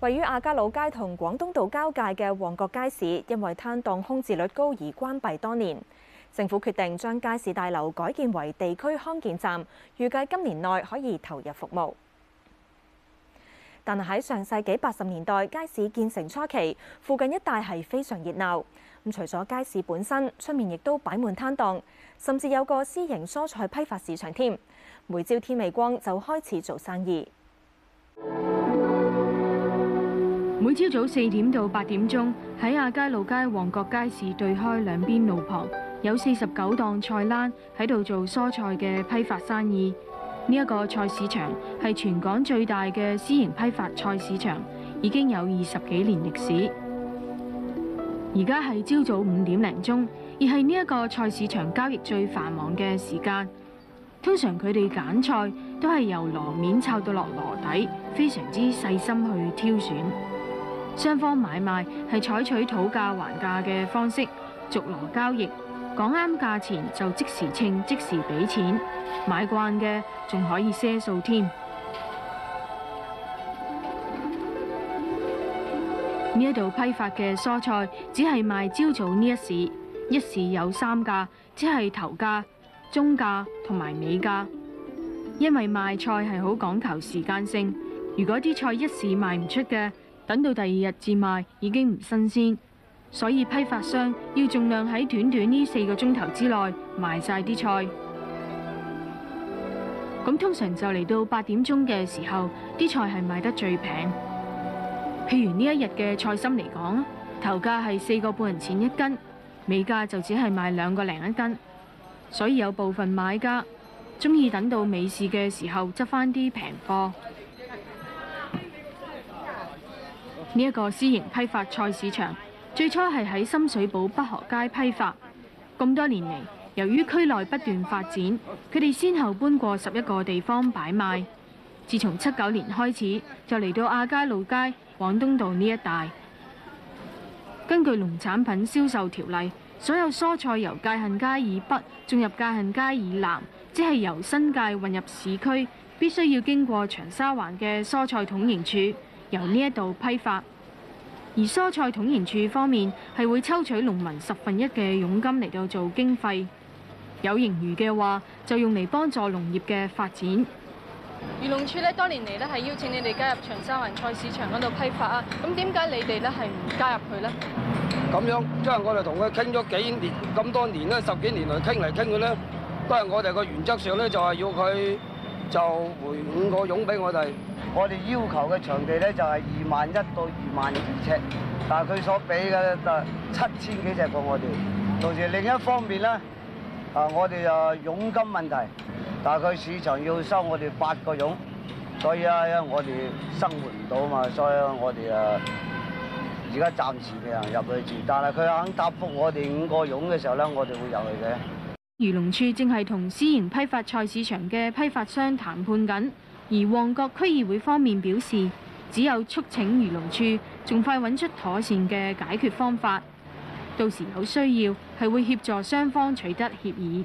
位於亞皆老街同廣東道交界嘅旺角街市，因為攤檔空置率高而關閉多年。政府決定將街市大樓改建為地區康健站，預計今年內可以投入服務。但喺上世紀八十年代街市建成初期，附近一帶係非常熱鬧。咁除咗街市本身，出面亦都擺滿攤檔，甚至有個私營蔬菜批發市場添。每朝天未光就開始做生意。每朝早四點到八點鐘，喺亞皆老街旺角街市對開兩邊路旁有四十九檔菜欄喺度做蔬菜嘅批發生意。呢一個菜市場係全港最大嘅私營批發菜市場，已經有二十幾年歷史。而家係朝早五點零鐘，亦係呢一個菜市場交易最繁忙嘅時間。通常佢哋揀菜都係由羅面抄到落羅底，非常之細心去挑選。雙方買賣係採取討價還價嘅方式，逐籮交易，講啱價錢就即時秤即時俾錢。買慣嘅仲可以賒數添。呢度批發嘅蔬菜只係賣朝早呢一市，一市有三價，即係頭價、中價同埋尾價。因為賣菜係好講求時間性，如果啲菜一時賣唔出嘅。等到第二日至賣已經唔新鮮，所以批發商要盡量喺短短呢四個鐘頭之內賣晒啲菜。咁通常就嚟到八點鐘嘅時候，啲菜係賣得最平。譬如呢一日嘅菜心嚟講，頭價係四個半銀錢一斤，尾價就只係賣兩個零一斤，所以有部分買家中意等到尾市嘅時候執翻啲平貨。呢一個私營批發菜市場最初係喺深水埗北河街批發，咁多年嚟，由於區內不斷發展，佢哋先後搬過十一個地方擺賣。自從七九年開始，就嚟到亞皆老街、廣東道呢一帶。根據農產品銷售條例，所有蔬菜由界限街以北進入界限街以南，即係由新界運入市區，必須要經過長沙灣嘅蔬菜統營處。由呢一度批發，而蔬菜統營處方面係會抽取農民十分一嘅佣金嚟到做經費，有盈餘嘅話就用嚟幫助農業嘅發展。漁農處呢，多年嚟呢係邀請你哋加入長沙灣菜市場嗰度批發啊，咁點解你哋呢係唔加入佢呢？咁樣即係、就是、我哋同佢傾咗幾年咁多年呢，十幾年嚟傾嚟傾去呢，都係我哋個原則上咧就係要佢，就回五個傭俾我哋，我哋要求嘅場地咧就係二萬一到二萬二尺，但係佢所俾嘅就七千幾尺過我哋。同時另一方面咧，啊我哋就傭金問題，但係佢市場要收我哋八個傭，所以啊，因為我哋生活唔到嘛，所以我哋啊而家暫時未能入去住，但係佢肯答覆我哋五個傭嘅時候咧，我哋會入去嘅。漁農署正係同私營批發菜市場嘅批發商談判緊，而旺角區議會方面表示，只有促請漁農署盡快揾出妥善嘅解決方法，到時有需要係會協助雙方取得協議。